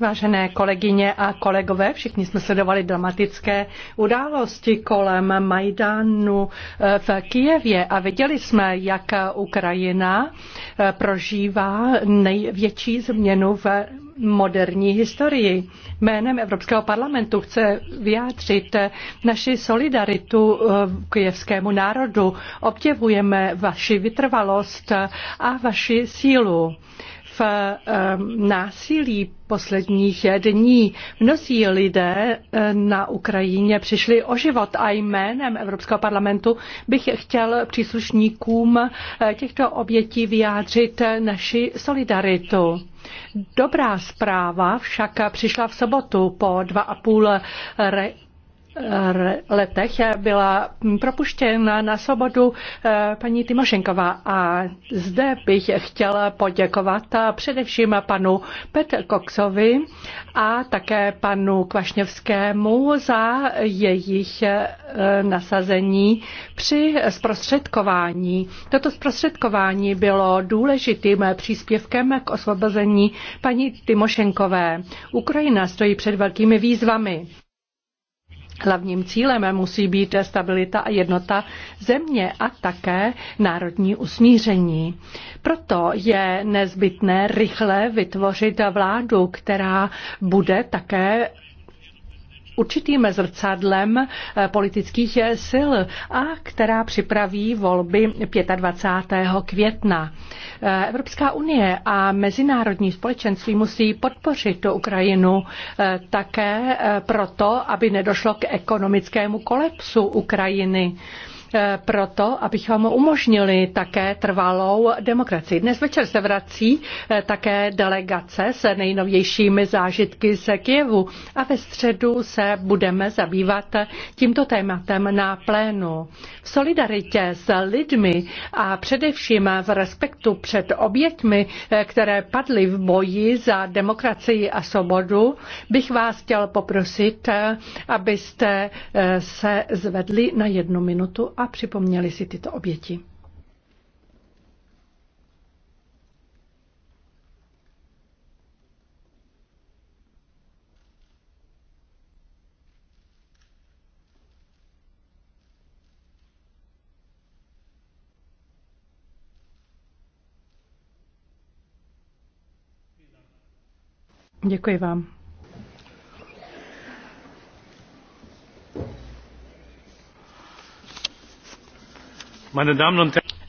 Vážené kolegyně a kolegové, všichni jsme sledovali dramatické události kolem Majdánu eh, v Kijevě a viděli jsme, jak Ukrajina eh, prožívá největší změnu v moderní historii. Jménem Evropského parlamentu chce vyjádřit eh, naši solidaritu kijevskému národu. Obdivujeme vaši vytrvalost a vaši sílu násilí posledních dní. Mnozí lidé na Ukrajině přišli o život a jménem Evropského parlamentu bych chtěl příslušníkům těchto obětí vyjádřit naši solidaritu. Dobrá zpráva však přišla v sobotu po dva a půl re- Eh, letech byla propuštěna na svobodu eh, paní Timošenková a zde bych chtěla poděkovat eh, především panu Petr Koksovi a také panu Kvašněvskému za jejich nasazení při zprostředkování. Toto zprostředkování bylo důležitým příspěvkem k osvobození paní Timošenkové. Ukrajina stojí před velkými výzvami. Hlavním cílem musí být stabilita a jednota země a také národní usmíření. Proto je nezbytné rychle vytvořit vládu, která bude také určitým zrcadlem eh, politických eh, sil a která připraví volby 25. května. Eh, Evropská unie a mezinárodní společenství musí podpořit Ukrajinu také proto, aby nedošlo k ekonomickému kolapsu Ukrajiny. E, proto, abychom umožnili také trvalou demokracii. Dnes večer se vrací e, také delegace s nejnovějšími zážitky z Kijevu a ve středu se budeme zabývat tímto tématem na plénu. V solidaritě s lidmi a především v respektu před oběťmi, e, které padly v boji za demokracii a svobodu, bych vás chtěl poprosit, abyste se zvedli na jednu minutu a připomněli si tyto oběti. Děkuji vám.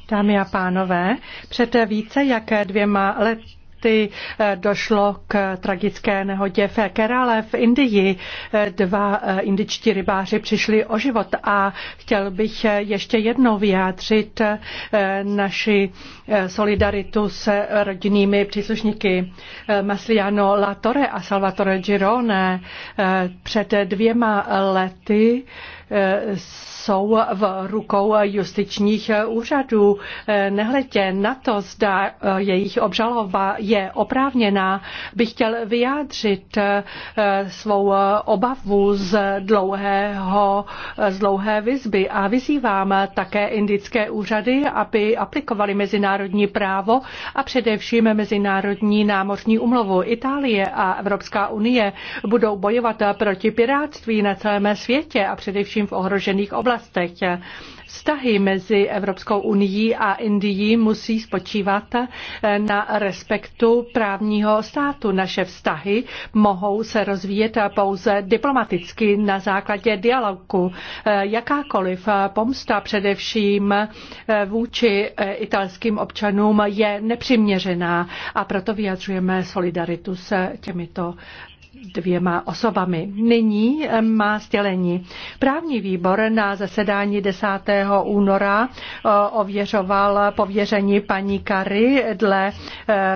Dámy a pánové, před více jak dvěma lety eh, došlo k tragické nehodě v Kerale v Indii. Eh, dva eh, indičtí rybáři přišli o život a chtěl bych ještě jednou vyjádřit naši solidaritu s rodinnými příslušníky Masliano Latore a Salvatore Girone. Před dvěma lety jsou v rukou justičních úřadů. Nehledě na to, zda jejich obžaloba je oprávněná, bych chtěl vyjádřit eh, svou obavu z, dlouhého, z dlouhé vizby a vyzývám také indické úřady, aby aplikovali mezinárodní právo a především mezinárodní námořní umluvu. Itálie a Evropská unie budou bojovat proti piráctví na celém světě a především především v ohrožených oblastech. Vztahy mezi Evropskou unii a Indií musí spočívat eh, na respektu právního státu. Naše vztahy mohou se rozvíjet pouze diplomaticky na základě dialogu. Eh, jakákoliv pomsta především eh, vůči italským občanům je nepřiměřená a proto vyjadřujeme solidaritu s těmito dvěma osobami. Nyní má stělení. Právní výbor na zasedání 10. února ověřoval pověření paní Kary dle eh,